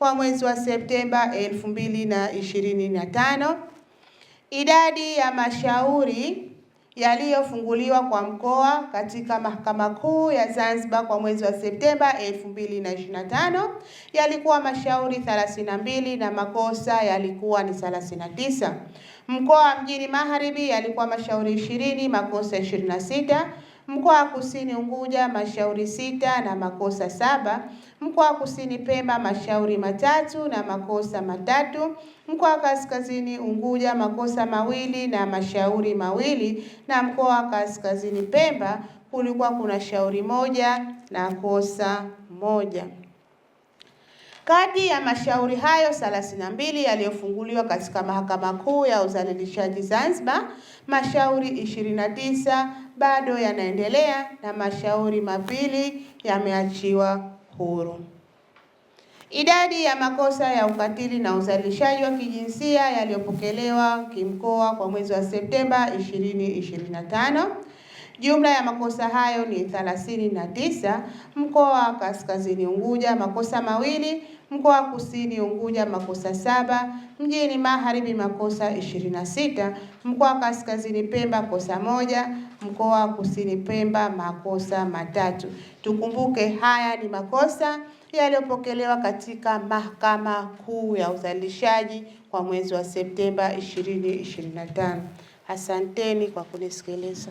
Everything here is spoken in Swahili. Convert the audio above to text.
wa mwezi wa Septemba 2025. Idadi ya mashauri yaliyofunguliwa kwa mkoa katika Mahakama Kuu ya Zanzibar kwa mwezi wa Septemba 2025 yalikuwa mashauri 32 na makosa yalikuwa ni 39. Mkoa wa Mjini Magharibi yalikuwa mashauri 20, makosa mkoa wa Kusini Unguja mashauri sita na makosa saba, mkoa wa Kusini Pemba mashauri matatu na makosa matatu, mkoa wa Kaskazini Unguja makosa mawili na mashauri mawili, na mkoa wa Kaskazini Pemba kulikuwa kuna shauri moja na kosa moja. Kadi ya mashauri hayo 32 yaliyofunguliwa katika Mahakama Kuu ya Udhalilishaji Zanzibar, mashauri 29 bado yanaendelea na mashauri mawili yameachiwa huru. Idadi ya makosa ya ukatili na udhalilishaji wa kijinsia yaliyopokelewa kimkoa kwa mwezi wa Septemba 2025 Jumla ya makosa hayo ni 39 na tisa. Mkoa wa Kaskazini Unguja makosa mawili, mkoa wa Kusini Unguja makosa saba, mjini Magharibi makosa 26, mkoa wa Kaskazini Pemba kosa moja, mkoa wa Kusini Pemba makosa matatu. Tukumbuke haya ni makosa yaliyopokelewa katika Mahakama Kuu ya Uzalishaji kwa mwezi wa Septemba 2025. Asanteni kwa kunisikiliza.